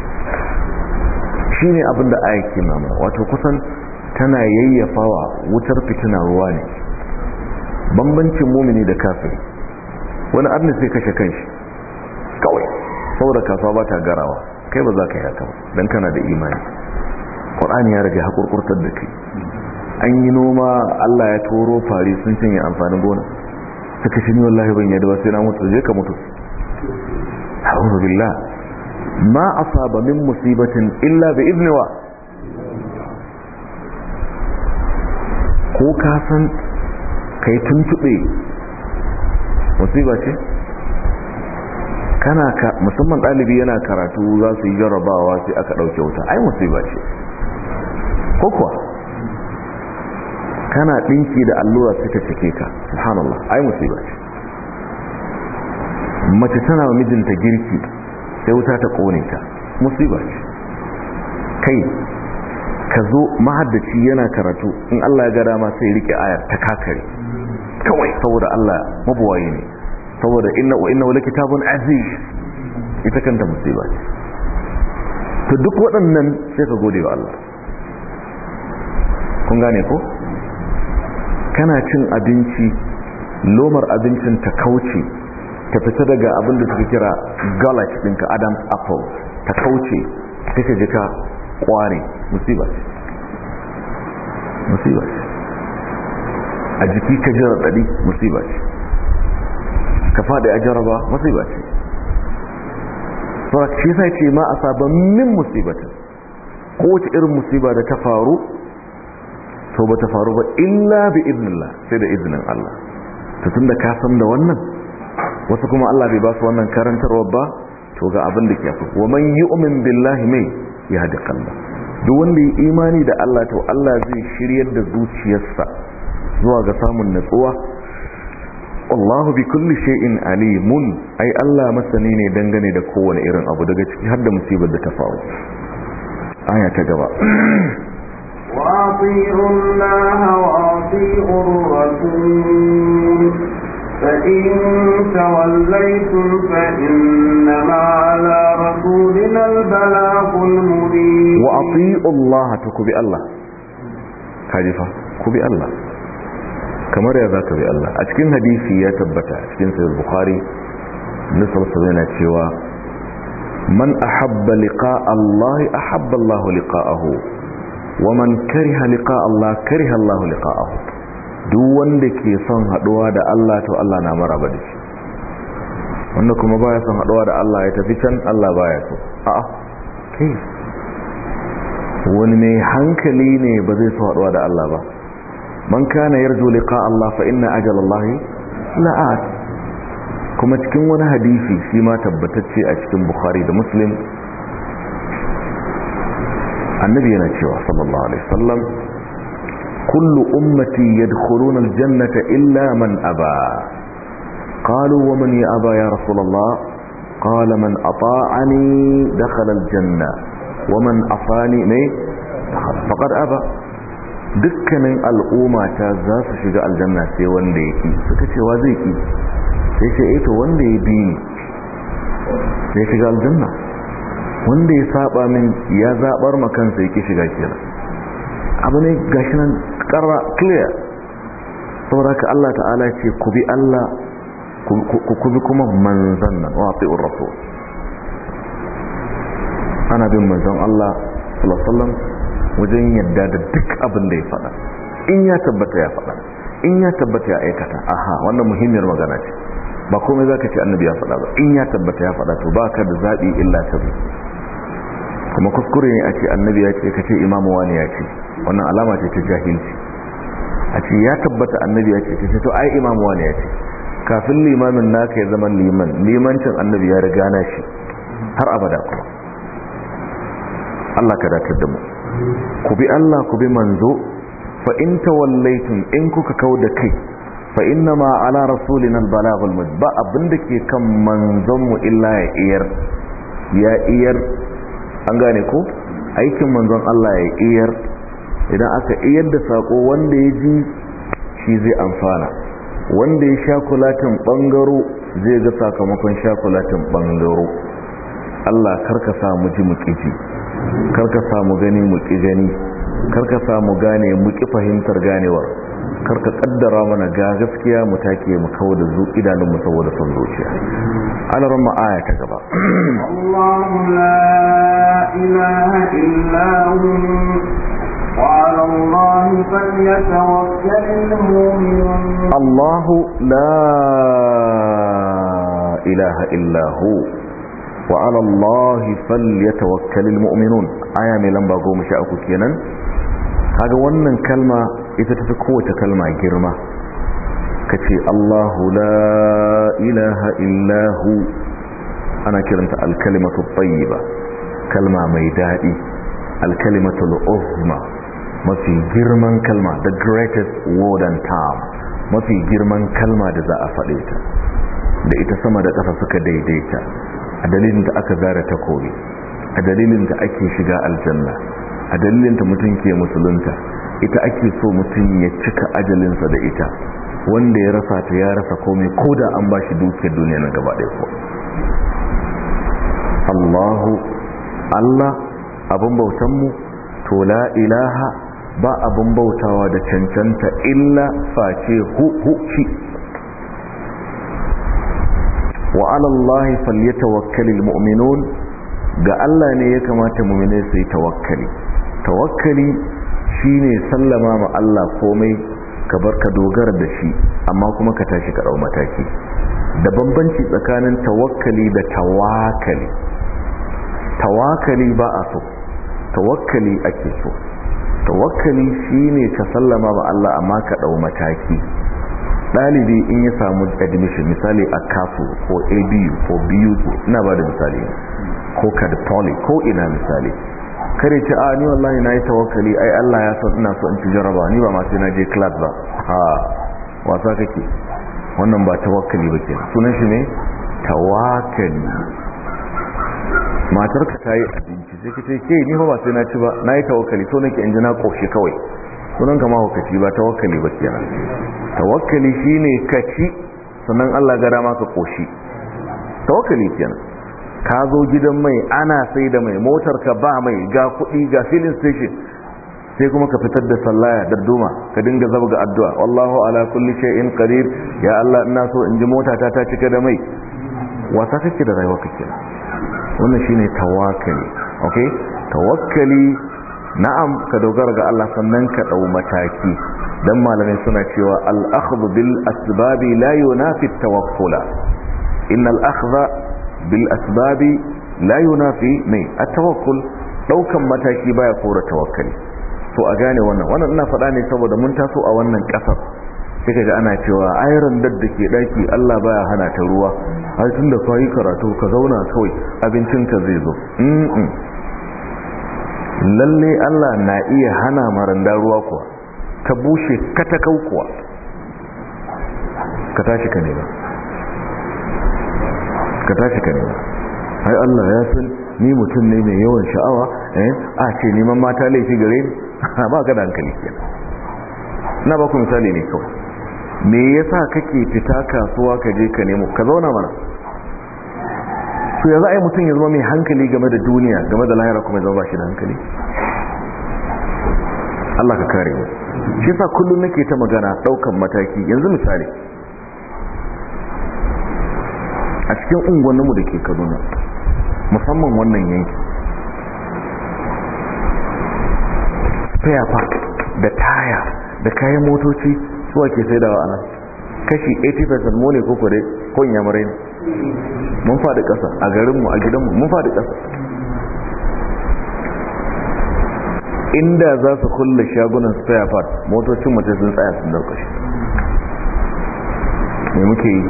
A: shi ne abin da ayyaki mama wato kusan tana yayyafawa wutar fitina ruwa ne bambancin mumini da kafin wani abin sai kashe kanshi kawai saboda kasuwa ba ta garawa kai ba za ka yi ba don kana da imani ƙwar'ani ya rage haƙurƙurtar da kai an yi noma allah ya toro fari sun cinye amfanin gona ta shi ni wallahi ban yadda sai na mutu je ka mutu a'udhu billah ma asaba min musibatin illa bi iznewa ko ka san kai tuntuɓe musiba ce kana ka musamman ɗalibi yana karatu za su yi jarrabawa sai aka ɗauke wuta ai musiba ce ko kana ɗinki da allura suka cike ka subhanallah ai musiba ce mace tana mijinta girki sai wuta ta ƙone ta musiba ce kai ka zo mahaddaci yana karatu in Allah ya ga dama sai rike ayar ta kakare kawai saboda Allah mabuwaye ne saboda inna wa inna wala kitabun aziz ita kanta musiba to duk waɗannan sai ka gode wa Allah kun gane ko kana cin abinci lomar abincin ta kauce ta fita daga abin da suka kira galax ɗinka adam apple ta kauce sai ka jika ka kware musiba ce musiba ce a jiki ka jira raɗaɗi musiba ce ka faɗi a jaraba musiba ce saboda shi sai ce ma a sabon min musibatin kowace irin musiba da ta faru to ba ta faru ba illa bi iznillah sai da izinin Allah to tunda ka san da wannan wasu kuma Allah bai ba su wannan karantarwa ba to ga abin da ke akwai wa man yu'min billahi mai ya hadi qalba duk wanda ya imani da Allah to Allah zai shiryar da zuciyarsa zuwa ga samun natsuwa wallahu bi kulli shay'in alimun ai Allah masani ne dangane da kowane irin abu daga ciki har da musibar da ta faru aya ta gaba kamar ya za ka bi Allah a cikin hadisi ya tabbata a cikin sayar bukari nisalsa yana cewa man ahabba liqa Allah Allah liqa'ahu wa man kariha liqa Allah kariha Allah liqa'ahu duk wanda ke son haɗuwa da Allah to Allah na maraba da shi wanda kuma baya son haɗuwa da Allah ya tafi can Allah baya so a'a kai wani mai hankali ne ba zai so haɗuwa da Allah ba من كان يرجو لقاء الله فإن أجل الله لا آت كما تكون هديثي فيما تبتت في أشكم بخاري دا النبي نتشوى صلى الله عليه وسلم كل أمتي يدخلون الجنة إلا من أبى قالوا ومن يا أبى يا رسول الله قال من أطاعني دخل الجنة ومن أفاني نعم، دخل فقد أبى dukkanin al'umma ta za su shiga aljanna sai wanda ya ki suka cewa zai ki sai ce eto eh wanda ya bi ni sai shiga aljanna wanda ya saba min ya zabar makansa ya ki shiga kenan abu ne gashi nan karra clear saboda ka Allah ta'ala ce ku bi Allah ku bi kuma manzan nan wa fi rasul ana bin manzon Allah sallallahu alaihi wasallam wajen yadda da duk abin da ya faɗa in ya tabbata ya faɗa in ya tabbata ya aikata aha wannan muhimmiyar magana ce ba komai za ka ce annabi ya faɗa ba in ya tabbata ya faɗa to ba ka da zaɓi illa ta bi kuma kuskure ne a ce annabi ya ce ka ce imamu wani ya ce wannan alama ce ta jahilci a ce ya tabbata annabi ya ce ka ce to ai imamu wani ya ce kafin limamin naka ya zama liman limancin annabi ya riga na shi har abada kuma Allah ka datar da mu ku bi Allah ku bi manzo fa in tawallaytum in kuka kauda kai fa inna ma ala rasulina albalaghul mubin ba abinda ke kan manzon mu illa ya iyar ya iyar an gane ko aikin manzon Allah ya iyar idan aka iyar da sako wanda ya ji shi zai amfana wanda ya shakulatin kulatin bangaro zai ga sakamakon shakulatin bangaro Allah karka sa mu ji mu karka samu gani mu ƙi gani karka samu gane mu ƙi fahimtar ganewar karka kaddara mana ga gaskiya mu take mu kawo da zu idanun mu saboda son zuciya ana ran aya ta gaba
B: Allahu la ilaha illa hu wa 'ala Allah falyatawakkal mu'minun
A: Allahu la ilaha illa hu وعلى الله فليتوكل المؤمنون آية من لنبا قوم شاءكو كينا هذا ونن كلمة إذا تفكوة كلمة جرمة كتي الله لا إله إلا هو أنا كرمت الكلمة الطيبة كلمة ميدائي الكلمة الأظمى ما في جرمان كلمة the greatest word and term ما في جرمان كلمة da za a faɗe ta da ita sama da ƙasa suka daidaita a dalilin da aka zara ta kore, a dalilin da ake shiga aljanna a dalilin da mutum ke musulunta ita ake so mutum ya cika ajalinsa da ita wanda ya rasa ta ya rasa komai ko da an ba shi dukiyar duniya na gaba ɗaya kuwa allahu allah abin bautanmu to la ilaha ba abin bautawa da cancanta illa face hu hu wa ala allahi falyatawakkal almu'minun ga Allah ne ya kamata mu'minai su yi tawakkali tawakkali shine sallama ma Allah komai ka bar ka dogara da shi amma kuma ka tashi ka dau mataki da bambanci tsakanin tawakkali da tawakkali tawakkali ba a so tawakkali ake so tawakkali shine ka sallama ma Allah amma ka dau mataki ɗalibi in ya samu admission misali a kafu ko abu ko biyu ina ba da misali ko kadpoli ko ina misali kare ce a ah, ni wallahi na yi tawakali ai allah ya san ina so in ci jaraba ni ba masu na je class ba ha wasa kake wannan ba tawakali ba ke sunan shi ne tawakali ka ta yi abinci sai ka ce ke ni ba sai na ci ba na yi tawakali so nake in ji na ƙoshi kawai sunan kama hukaci ba tawakkali ba kenan tawakkali shine kaci sannan Allah ga dama ka koshi tawakkali kenan ka zo gidan mai ana sai da mai motar ka ba mai ga kuɗi ga filin station sai kuma ka fitar da sallaya da duma ka dinga zaba ga addu'a wallahu ala kulli shay'in qadir ya Allah ina so in ji mota ta ta cika da mai wasa kake da rayuwa kake wannan shine tawakkali okay tawakkali na'am ka dogara ga Allah sannan ka dau mataki dan malamai suna cewa al-akhdh bil asbabi la yunafi tawakkul In al-akhdh bil asbabi la yunafi mai at-tawakkul daukan mataki baya kora tawakkali to a gane wannan wannan ina faɗa ne saboda mun taso a wannan kasar sai kaga ana cewa ayran da ke daki Allah baya hana ta ruwa har tunda kai karatu ka zauna kawai abincin ka zai zo lalle Allah na iya hana maranda ruwa kuwa ta bushe katakau kuwa ka tashi ka nema ka tashi ka nema ai Allah ya san ni mutum ne mai yawan sha'awa eh a ce neman mata laifi gare ni ba ka da hankali kenan na ba ku misali ne kawai me yasa kake fita kasuwa ka je ka nemo ka zauna mana to ya za a yi mutum ya zama mai hankali game da duniya game da lahira kuma ya zama shi da hankali Allah ka kare mu shi sa kullum nake ta magana daukan mataki yanzu misali a cikin unguwanninmu da ke kaduna musamman wannan yanki spare part da taya da kayan motoci suwa ke sai da wa'ana kashi 80% mone ko kore ko mun faɗi ƙasa a garinmu a gidanmu mun faɗi ƙasa inda za su kulle shagunan spare part motocin mace sun tsaya sun dauka shi me muke yi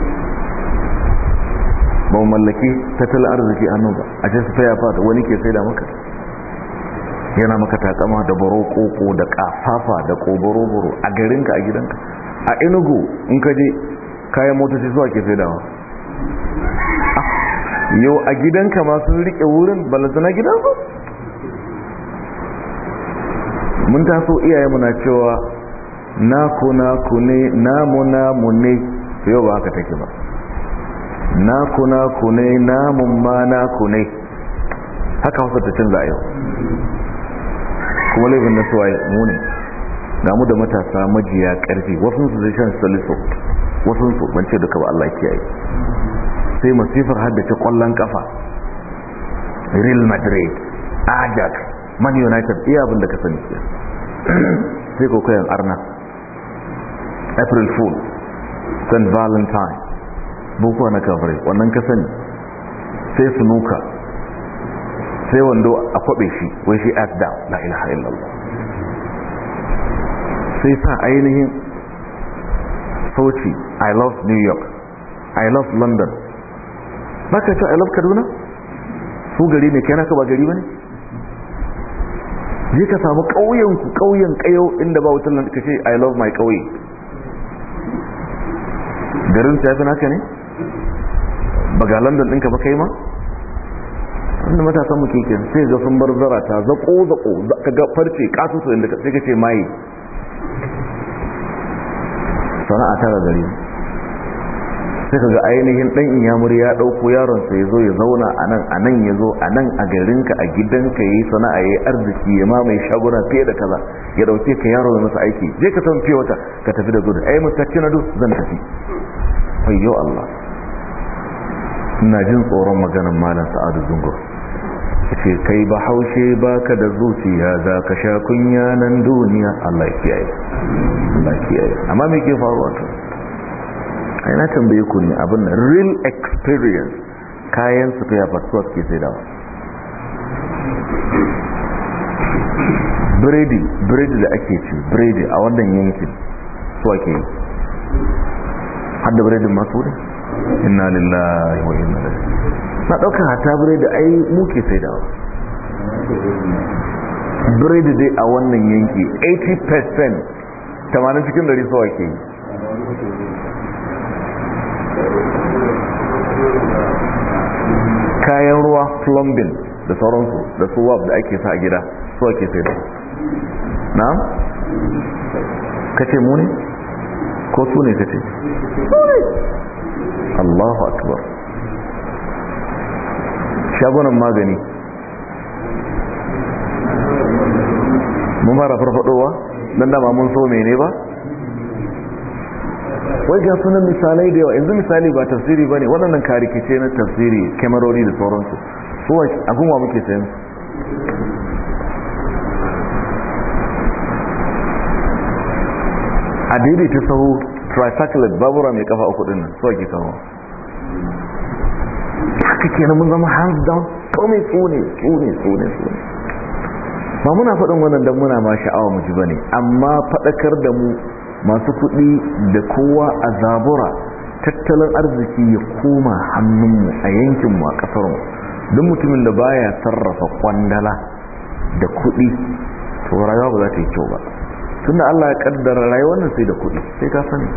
A: ba mallaki tattalin arziki hannu ba a ce spare part wani ke sai da maka yana maka takama da baro koko da kafafa da koboro boro a garinka a gidanka a inugu in ka je kayan motoci zuwa ke sai maka Ah, yau a gidanka masu rike wurin balazana su mun taso iyaye muna cewa naku naku ne namu namu ne yau ba haka take ba naku naku ne namun ma naku ne haka hausa ta canza yau kuma laifin na suwaye mu ne damu da matasa majiya karfi wasu su zai shan saliso wasu ban ce duka ba Allah kiyaye sai masifar haddace kwallon kafa real madrid ajax man united iya abin da ka sani ke sai kokayen arna april fool st valentine bukuwa na kafare wannan ka sani sai sunuka sai wando a kwabe shi wai shi ask down la ilaha illallah sai sa ainihin Sochi I love New York I love London ba ka ce I love Kaduna su gari ne kai naka ba gari ba ne je ka samu ƙauyenku ƙauyen ƙayo inda ba wutar lantarki ce I love my ƙauye garin ta yafi naka ne ba ga London ɗinka ba kai ma wanda matasan mu keke sai ga sun bar ta zaƙo zaƙo ka ga farce ƙasusu inda sai ka ce maye sana'a tara gare sai ka ga ainihin ɗan inyamur ya ɗauko yaronsa ya zo ya zauna a nan a nan ya zo a nan a garinka a gidanka ya yi sana'a ya yi arziki ya mamaye shaguna fiye da kaza ya ɗauke ka yaro ya masa aiki je ka san fiye wata ka tafi da zuwa ai mutacci na duk zan tafi fayyo Allah ina jin tsoron maganar malam sa'adu zungur ce kai ba haushe ba ka da zuciya za ka sha kunya nan duniya Allah kiyaye Allah kiyaye amma me ke faruwa to ai na tambaye ku ne abin real experience kayan su kai fatuwa ke sai da biredi bredi da ake ci biredi a wannan yankin su ake yi Hadda da masu ne inna lillahi wa inna ilaihi na ɗaukar hata biredi ai muke sai dawa biredi dai a wannan yanki 80% tamanin cikin dari sawa ke yi kayan ruwa plumbing da sauransu da suwab da ake sa a gida suwa ke sai da na? kace mu ne? ko su ne kace? Allahu akbar shagunan magani mun fara farfadowa don dama mun so mene ba wai ga sunan misalai da yawa yanzu misali ba tafsiri ba ne waɗannan karikice na tafsiri kyamarori da sauransu su a gunwa muke sayan su a daidaita sahu tricyclet babura mai kafa uku ɗin nan su ake kawo haka kenan mun zama hands down tome tsone tsone tsone tsone ba muna faɗin wannan don muna ma sha'awa mu ji ba ne amma faɗakar da mu masu kuɗi da kowa a zabura tattalin arziki ya koma hannunmu a yankinmu a ƙasarmu don mutumin da baya sarrafa kwandala da kuɗi to rayuwa ba za ta yi kyau ba tunda Allah ya kaddara rayuwar nan sai da kuɗi sai ka sani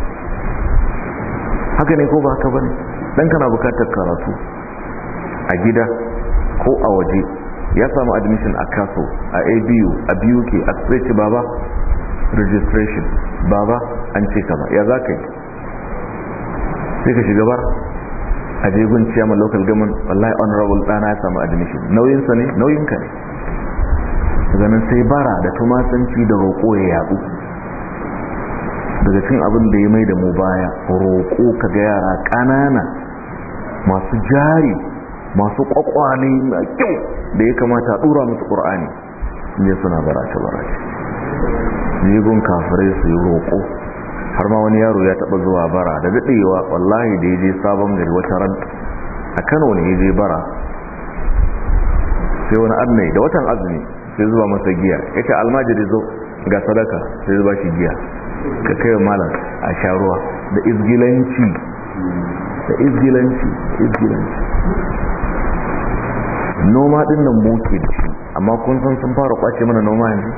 A: haka ne ko ba haka bane dan kana bukatar karatu a gida ko a waje ya samu admission a kaso a abu a buk a tsaye baba registration baba an ce kama ya za ka yi sai ka shiga bar a jegun ciyama local government wallahi honorable dana ya samu admission nauyinsa ne nauyinka ne ganin sai bara da tumatsanci da roƙo ya yaɗu daga cin abin da ya mai da mu baya roƙo ka ga yara ƙanana masu jari masu ne mai kyau da ya kamata dura musu qur'ani ne suna barace barace jigun kafirai su yi roƙo har ma wani yaro ya taɓa zuwa bara da daɗewa wallahi da ya je sabon gari wata ran a kano ne ya je bara sai wani annai da watan azumi sai zuwa masa giya ya ce almajiri zo ga sadaka sai zuba shi giya ka kai malam a sha ruwa da izgilanci da izgilanci izgilanci noma din nan muke da shi amma kun san sun fara kwace mana noma yanzu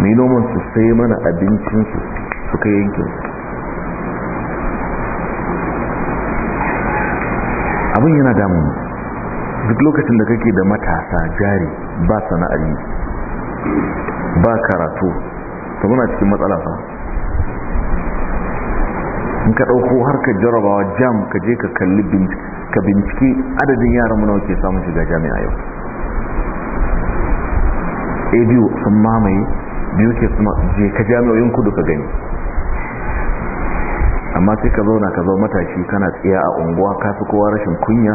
A: mai noman su sai mana abincinsu su suka yanke. abin yana damun duk lokacin da kake da matasa jari ba sana'ar yi ba karatu ta muna cikin matsala ba in ka ɗauko harkar jarabawa jam ka je ka kalli bincike ka bincike adadin yaran mu nawa ke samun shiga jami'a yau a biyu sun mamaye biyu ke kuma je ka jami'oyin kudu ka gani amma sai ka zauna ka zo matashi kana tsiya a unguwa ka fi kowa rashin kunya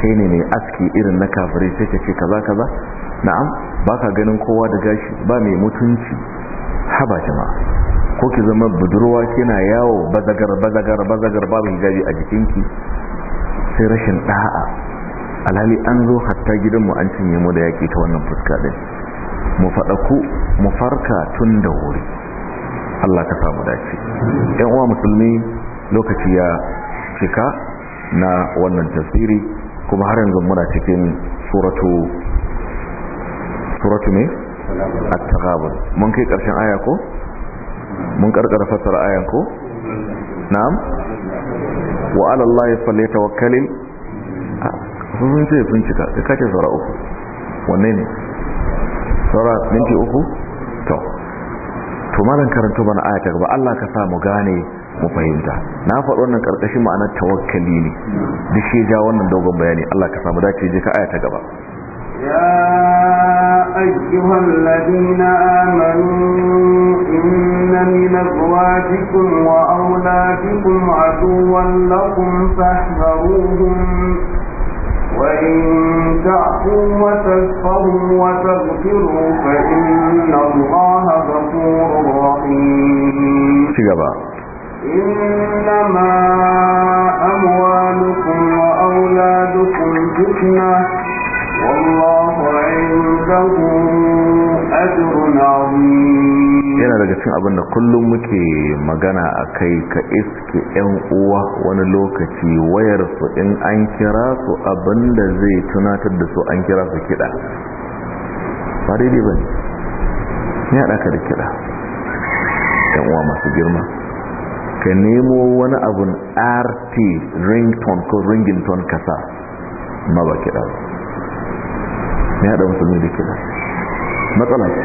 A: kai ne mai aski irin na kafirai sai ka ce kaza kaza na'am ba ka ganin kowa da gashi ba mai mutunci haba jama'a ko ki zama budurwa kina yawo bazagar bazagar bazagar babu hijabi a jikinki sai rashin da'a alhali an zo hatta gidan mu an cinye mu da yaki ta wannan fuska din mu faɗaku mu farka tun da wuri Allah ka samu dace yan uwa musulmi lokaci ya cika na wannan tasiri kuma har yanzu muna cikin suratu suratu ne at-taghabun mun kai karshen aya ko mun karkara fassara ayan na'am wa ala Allah falyatawakkalul sun ce sun cika da kace saura uku wanne ne saura minti uku to to malan karanta bana aya ta gaba Allah ka sa mu gane mu fahimta na faɗo wannan karkashin ma'anar tawakkali ne duk shi ja wannan dogon bayani Allah ka samu dace je ka aya ta gaba
B: يا أيها الذين آمنوا إن من أزواجكم وأولادكم عدوا لكم فاحذروهم وإن تعفوا وتكفروا وتغفروا فإن الله غفور رحيم إنما أموالكم وأولادكم فتنة
A: yana daga cin abin da kullum muke magana a kai ka iske 'yan uwa wani lokaci wayarsu in an kira su abin da zai tunatar da su an kira su kiɗa ba daidai ba ne ya ɗaka da kiɗa 'yan uwa masu girma ka nemo wani abun rt ringtone ko ringington kasa ma ba kiɗa ba ya haɗa musulmi da kiɗa matsala ce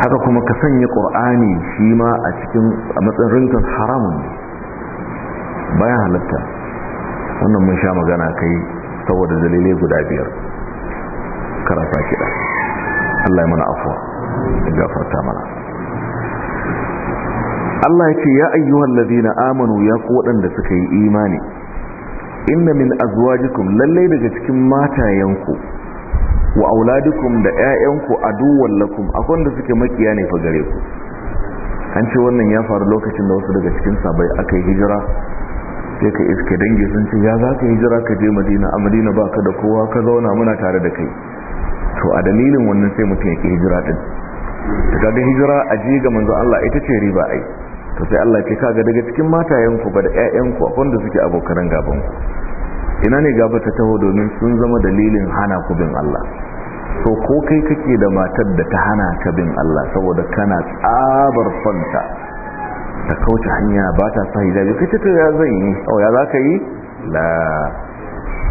A: haka kuma ka sanya ƙur'ani shi ma a cikin a matsayin rinkan haramun ne bayan halatta wannan mun sha magana kai saboda dalilai guda biyar karasa kiɗa Allah ya mana afuwa ya gafarta mana Allah ya ce ya ayyuhal ladina amanu ya ko waɗanda suka yi imani inna min azwajikum lalle daga cikin matayenku wa auladikum da ƴaƴanku aduwwan lakum akwai da suke makiya ne fa gare ku an ce wannan ya faru lokacin da wasu daga cikin sabai aka yi hijira sai ka iske dangi sun ce ya za ka hijira ka je madina a madina ba ka da kowa ka zauna muna tare da kai to a dalilin wannan sai mutum ya ke hijira din daga hijira a ji ga manzo Allah ita ce riba ai ta sai Allah ke kaga daga cikin matayenku ba da ƴaƴanku a wanda suke abokan gabanku ina ne gaba ta taho domin sun zama dalilin hana ku bin Allah so ko kai kake da matar da ta hana ka bin Allah saboda kana tsabar fanta ta kauce hanya ba ta sa hijabi kai ta ya zan yi oh ya zaka yi la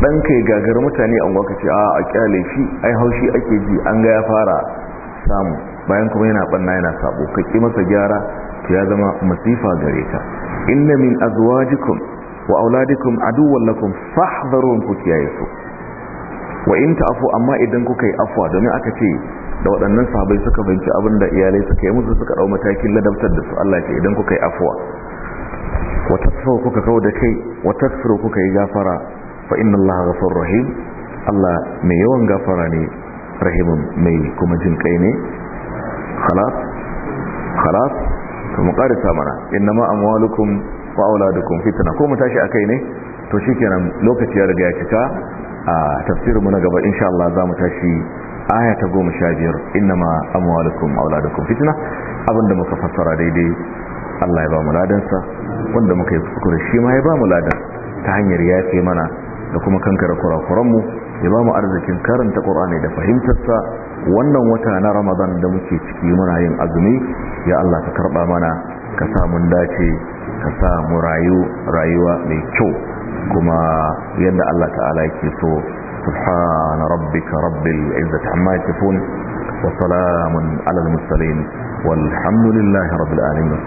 A: dan kai gagar mutane an gwaka ce a a kyale shi ai haushi ake ji an ga ya fara samu bayan kuma yana banna yana sabo ka masa gyara ya zama masifa gare ka inna min azwajikum wa auladikum aduwwan lakum fahdharun ku kiyaye su wa in ta'fu amma idan kuka yi afwa domin aka ce da waɗannan sahabbai suka binci abin da iyalai suka yi musu suka dau matakin ladabtar da su Allah ce idan kuka yi afwa wa tasfahu kuka kawo da kai wa tasfahu kuka yi gafara fa inna Allah ghafurur rahim Allah mai yawan gafara ne rahimun mai kuma jin kai ne خلاص خلاص to mu karisa mana innama amwalukum wa auladukum fitna ko mu tashi akai ne to shikenan lokaci ya riga ya cika a tafsirin mu na gaba insha Allah za mu tashi aya ta 15 innama amwalukum wa auladukum fitna abinda muka fassara daidai Allah ya ba mu ladansa wanda muka yi kuskure shi ma ya ba mu ladan ta hanyar yafe mana da kuma kankare kurakuran mu ya ba arzikin karanta ƙorani da fahimtarsa wannan wata na ramadan da muke ciki muna yin azumi ya allah ka karɓa mana ka samun dace ka samu rayuwa mai kyau kuma yadda allah ta'ala yake so سبحان ربك رب العزة عما يصفون وسلام على المرسلين والحمد لله رب العالمين